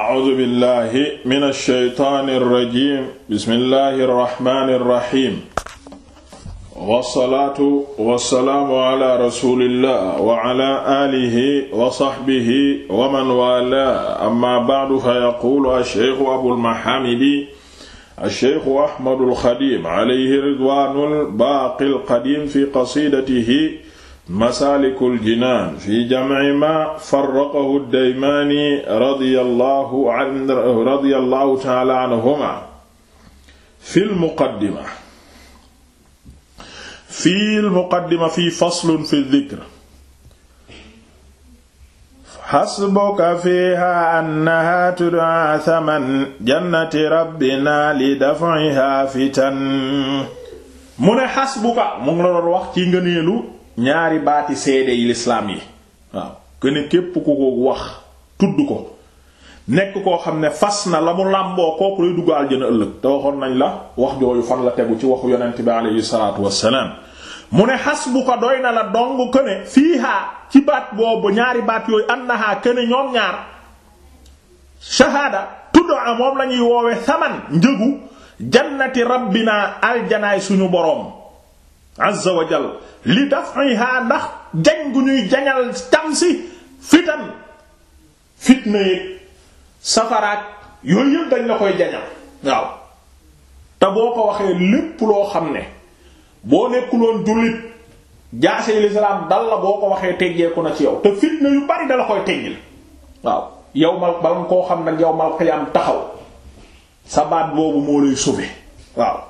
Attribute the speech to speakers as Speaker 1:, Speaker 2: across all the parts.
Speaker 1: a'uuzu billahi mina shaytaani rajiim bismillahi rahmaani rahiim. wasalaatu wasalaamu ala rasulillah wa ala aalihi wa saxbihi wa man waalaahu amma ba'du fa yaquulu ash-shaykhu abul mahaamidi ash-shaykhu ahmadul xadiim alayhi ridwaanul baaqil qadiim fi qasiidatihi masaalikul jinaan fi jam'i ma farraqahu daymaani radiyallahu an radiyallahu ta'ala anhuma fil muqaddima fil muqaddima fi faslun fi dhikr hasbuka fiha annaha tud'a thaman jannati rabbina li daf'iha fitan mu ne hasbuka mu ngi la doon wax ci ngëneelu ñaari baati seede yi lislaam yi waaw këne képp ku ko wax tudd ko nekk koo xam ne fas na la mu làmboo kooku lay dugg aljana ëllëg te waxoon nañ la wax jooju fan la tegu ci waxu yonent bi aleyhi salaatu wassalaam mu ne xas bu ko doy na la dong këne fiihaa ci baat boobu ñaari baat yooyu annahaa këne ñoom ñaar shahaada tudd a moom lañuy woowe saman njëgu jannati rabbinaa aljanaay suñu boroom azza wa jal li daf'iha ndax jañ gu ñuy jañal tamsi fitan fitna yi safaraat yooyu yëpp dañ la koy jañal waaw te boo ko waxee lépp loo xam ne boo nekkuloon jullit jaaseel islaam dal la boo ko waxee teggeeku na ci yow te fitna yu bari dala koy teggil waaw yow mal bala nga koo xam nag yow mal xiyaam taxaw sa baat boobu moo lay sauver waaw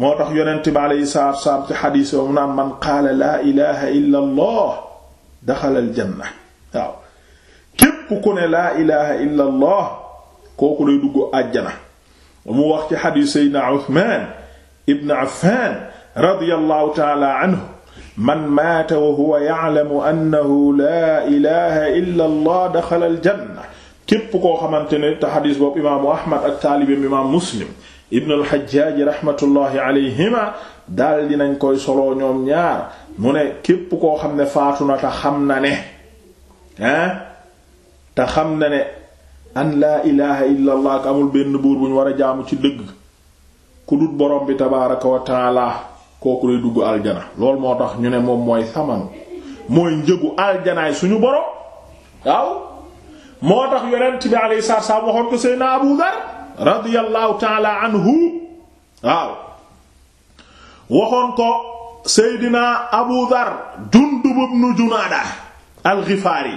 Speaker 1: moo tax yonent bi aleyhi salaatu salaam ci xadiis mu naan man qaala laa ilaha illa allah daxala al janna waaw képp ku ne laa ilaha illa allah kooku lay dugg àjjana mu wax ci xadiis seydina Usmaan ibn Affaan radiyallahu taala anhu man maata wa huwa ya'lamu annahu laa ilaha illa allah daxala al janna képp koo xamante ne te xadiis boobu imaamu Ahmad ak taalibeem imaam Muslim ibn al-Hajjaj rahmatullahi dal daal nañ koy soloo ñoom ñaar mu ne képp koo xam ne faatu na te xam na ne te xam na ne an laa ilaha illa ak amul benn buur bu ñu war a jaamu ci dëgg ku dut borom bi tabaraka wa kooku lay dugg aljana lool moo tax ñu ne moom mooy samanu mooy njëgu aljanaay suñu borom waaw moo tax yonent bi alayhi salaam waxoon ko Seydina Abu Dhar radiyallahu taala anhu waaw waxoon ko seydina abu dhar jundub ibn junaada alxifaari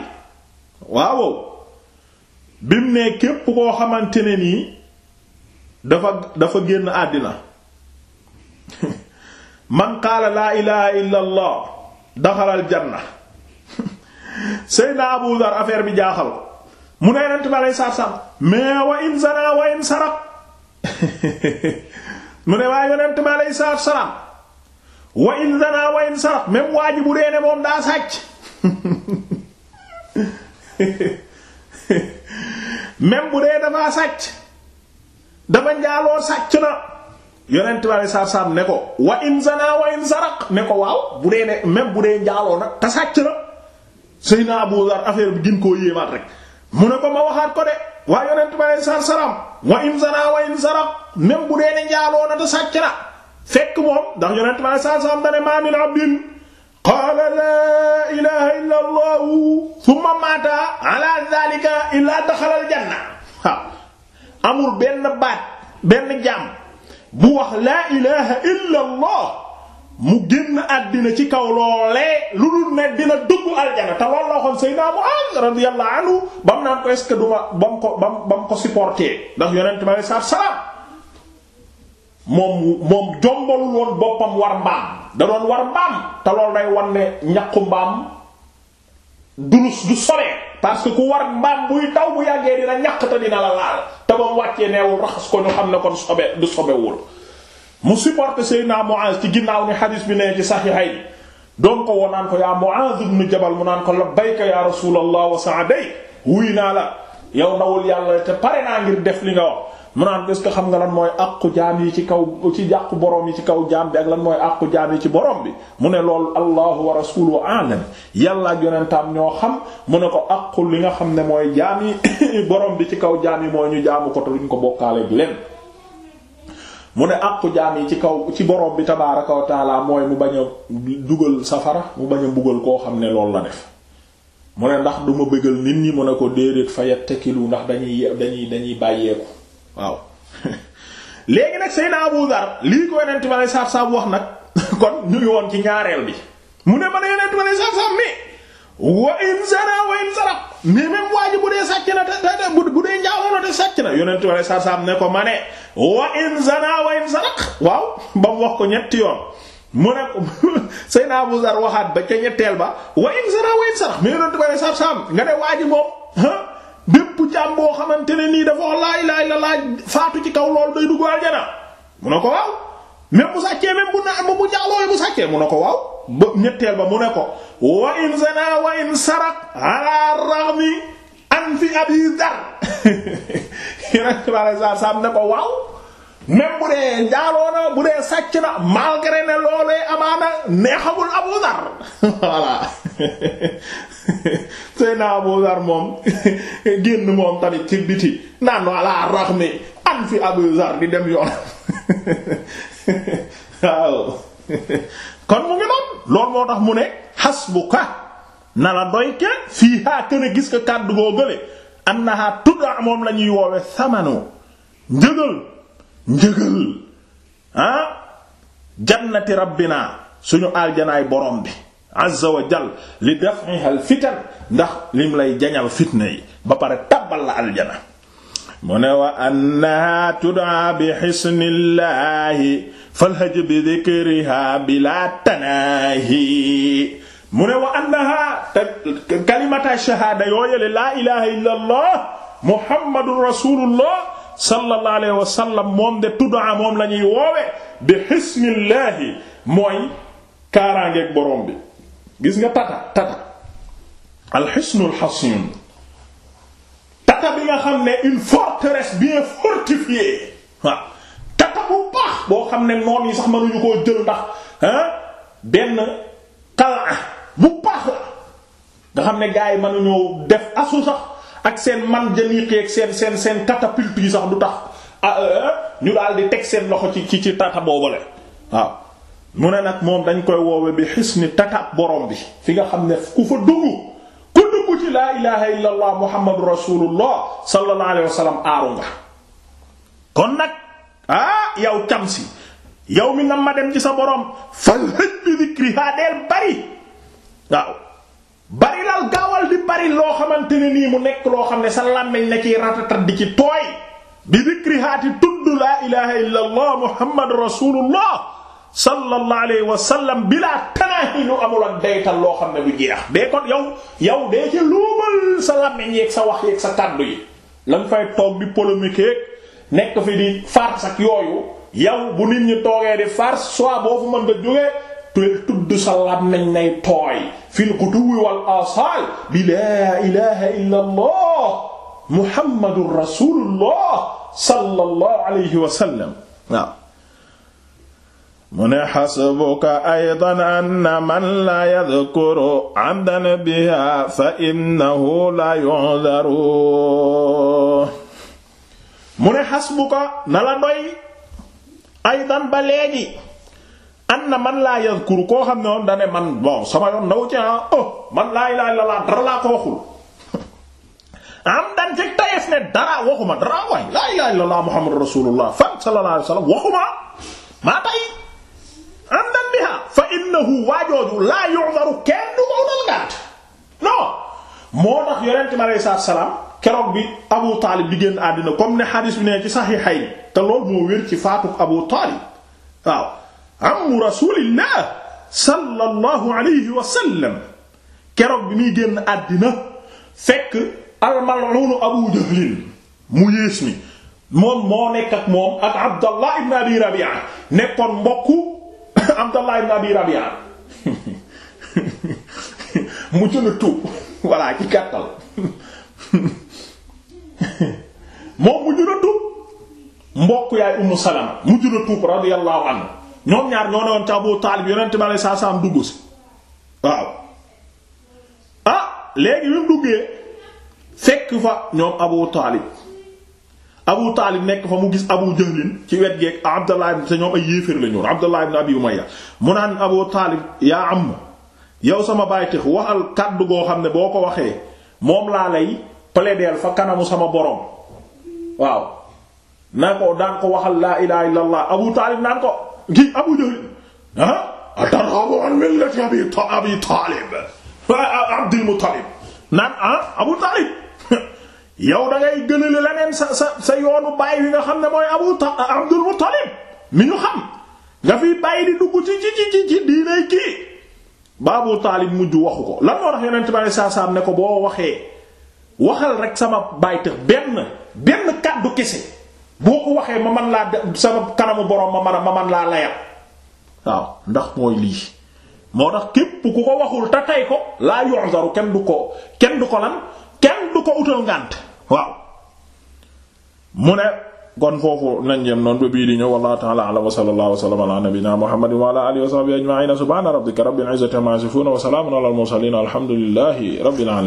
Speaker 1: waaw bim ne képp koo xamante ne nii dafa dafa génn àddina man qaala laa ilaha illa allah daxalal seydina abu dhar bi jaaxal ko mu ne yonent bi aleyhi salaatu mais wa in zana wa in saraq mu ne waaye yonent bi bu dee ne moom daa sàcc même bu dee dafaa sàcc dafa njaaloo sàcc na yonent bi aleyhi salaatu ne ko wa in zana wa in saraq ne ko waaw bu dee ne même bu dee njaaloo nag te sàcc na Seydina Abu Dar affaire bi gin koo yéemaat rek. mu ne ko ma waxaat ko de waa yonent ba sar salam wa in zana wa in saraq même bu dee ne njaaloo na te sàcc na fekk moom ndax yonent ba sar salam dane ma min abdin qaala laa ilaha illa allah thumma mata ala zalika illa daxala al janna waaw amul benn baat bu wax laa ilaha illa allah mu génn àddina ci kaw loolee lu dul ne dina dugg aljana te loolu la waxoon Seydina Mu'aaz radiyallahu anhu bam naan ko est ce que duma ko bam bam ko supporté ndax yonent bi alayhi salaam moom moom jombalul boppam war mbaam da doon war mbaam te loolu day wan ne ñaqu mbaam dulus du soree parce que ku war mbaam buy daw bu yàggee dina ñaq te dina la laal te ba mu wàccee neewul raxas ko ñu xam ne kon du sobewul mu supporté Seydina Muaz ci ginnaaw ni xadis bi nee ci saxiixay doon ko woo naan ko yaa Muaz ibn Jabal mu naan ko labbayka yaa rasuulallah wa sa'day wuy naa la yow ndawul yàlla te pare naa ngir def li nga wax mu naan est-ce que xam nga lan mooy àqu jaam yi ci kaw ci yàqu borom yi ci kaw jaam bi ak lan mooy àqu jaam yi ci borom bi mu ne loolu allahu wa rasuluhu a'lam yàlla ak yonentam ñoo xam mu ne ko àqu li nga xam ne mooy jaam yi borom bi ci kaw jaam yi mooy ñu jaamu ko te duñ ko bokkaaleeg leen mu ne àqu jaam yi ci kaw ci borom bi tabaaraka kaw taala mooy mu bañ a dugal safara mu bañ a mbugal koo xam ne loolu la def mu ne ndax duma bëggal nit ñi mu ne ko déedéet fa kilo ndax dañuy dañuy dañuy bàyyeeku waaw léegi nag Seydina Abu Dar lii ko yonent bi aleyhi salaatu salaam wax nag kon ñu ngi woon ci ñaareel bi mu ne ma ne yonent bi aleyhi salaatu salaam wa in zana wa in saraq mais bu dee sàcc na te bu dee njaaloo na te sàcc na yonent ne ko ma ne wa in waaw ba mu wax ko ñetti yoon mu ne Seydina Abu Zar waxaat ba ca ñetteel ba wa in yonent wala sa sam nga ne waa ji moom bépp jàmm boo xamante ne nii dafa wax laa la laaj faatu ci kaw loolu day dugg aljana mu ne ko waaw même bu sàccee même bu naan bu njaaloo mu sàccee mu ne ko waaw ba ñetteel ba mu ne ko wa in zana wa in sarak ala raghmi an fi abi dar yonent bi alei saat ne ko waaw même bu dee njaaloona bu dee sàcc na malgré ne loolee amaana neexamul Abu Dar voilà sëy na moom génn moom tamit ci biti naan voilà rax mi an fi Abu di dem yoon waaw kon mu ngi doon loolu moo tax mu ne hasbuka na la doy ke fii haa kën a gis ko kàddu goo gële annaha tudda moom la ñuy woowe samanu njëgal njëgal ah jannati rabbina suñu aljanaay borom bi azza wa jal li daf'iha al fitan ndax lim lay jañal fitna yi ba pare tabbal la aljana mu ne wa annaha tud'a bi xisnillaahi falhaj bi dhikriha bila tanaahi mu ne wa annaha te kalimata shahaada yooyale laa ilaha illa allah muhammadun rasulullah sallallahu alayhi wa sallam moom de tud'a moom la ñuy woowe bi xisnillaahi mooy kaaraangeeg borom bi gis nga tata tata alxisnul xasin ana bi nga xam ne une forteresse bien fortifiée waaw tata bu boo xam ne noon yi sax mënuñu koo jël ndax ah benn kala bu baax la nga xam ne gars yi mënuñoo def asu sax ak seen man janiqi ak seen seen seen catapulte yi sax du tax ah, euh, euh, ñu daal di teg seen loxo ci ci ci tata boobale waaw mu ne nag moom dañ koy woowe bi xis ni tata borom bi fi nga xam ne ku fa dugg dëggu ci laa ilaha illa allah muhammadu rasulullah sallallahu alayhi wa sallam aaru nga kon nag ah yow camsi yow mi nam ma dem ci sa borom fazhaj bi dhikriha deel bari bari lal gaawal di bari loo xamante ne nii mu nekk loo xam ne sa làmmiñ na ciy ratatat ci tooy bi dhikriha ti tudd laa ilaha illa allah muhammadu rasulullah sallallahu alayhi wa sallam bila billaahi lu amul ak daytal loo xam ne lu jeex dee kon yow yow dee ci luumal sa làmmiñ yeeg sa wax yeeg sa kàddu yi la nga fay toog di polémique nekk fi di farce ak yooyu yow bu nit ñi toogee di farce soit boo fu mën nga jógee tuel tudd sa làmmiñ nay tooy fil quduwi wal asal bi laa ilaha illa allah muhammadur rasulullah sallallahu alayhi wa sallam mu ne xasbuka aydan anna man la yadkuru abdan biha fa innahu la yu'daru mu ne xasbuka na la doy aydan ba léegi anna man la yadkuru koo xam ne woon dane man bon sama yoon naw ci ah oh man laa ilaaha illallaah dara laa ko waxul am dan ci tayes ne dara waxuma dara waay laa ilaaha illallaah muhammadu rasulullah fan sallallaahu alayhi wa sallam waxuma maa tay innahu waajooju laa yu'maru kenn keroog bi Abu Taalib bi génn àddina comme ne xadiis bi ne ci saxiixay te loolu moo wér ci faatu Abu Taalib waaw ammu rasuulillah sallallahu alayhi wa keroog bi muy génn àddina fekk almal'uunu Abu Jahlin mu yées mi moom nekk moom ak Abdallah ibn Abi Rabi'a nekkoon mbokku Abdallah ibn Abi Rabi'a mucc na tuub voilà ci gàttal moom mujj na tuub mbokk yaay Ummu Salama mujj na tuub radiyallahu anhu ñoom ñaar ñoo ne woon Abu Taalib yonent bi alayhi salaam dugg si waaw ah léegi bi mu duggee fekk fa ñoom Abu Taalib Abu Taalib nekk fa mu gis Abu Jahlin ci wet geeg Abdallah ibn te ñoom ay yéeféer la ñu woon Abdallah naan Abu Taalib yaa am yow sama baay tëx waxal kàddu goo xam ne boo ko waxee moom laa lay plaider fa kanamu sama borom waaw naa ko daan ko waxal laa ilaaha illallah Abu Taalib naan ko Abu Jahlin ah. Abdul Muttalib naan ah Abu Taalib yow da ngay gënale leneen sa sa sa yoonu baay wi nga xam ne mooy abu abdul muttalib mi ñu xam nga fiy bàyyi di dugg ci ci ci ci diine kii ba abu taalib mujj waxu ko lan moo tax yonent bi saa saa ne ko boo waxee waxal rek sama baay tax benn benn kàddu kese boo ko waxee ma man laa de sama kanamu borom ma man ma man laa layal waaw ndax mooy lii moo tax képp ku ko waxul te tey ko laa yonzaru kenn du ko kenn du ko lan kenn du ko utal ngànt waaw mu ne kon foofu nañ yem noonu ba bii di ñëw wallahu ta'ala a'lam wa sallallahu wa sallama ala nabiyyina muhammadin wa ala alihi wa sahbihi ajma'in subhana rabbika rabbil izzati amma yasifun wa salamun ala al mursalin alhamdulillahi rabbil alamin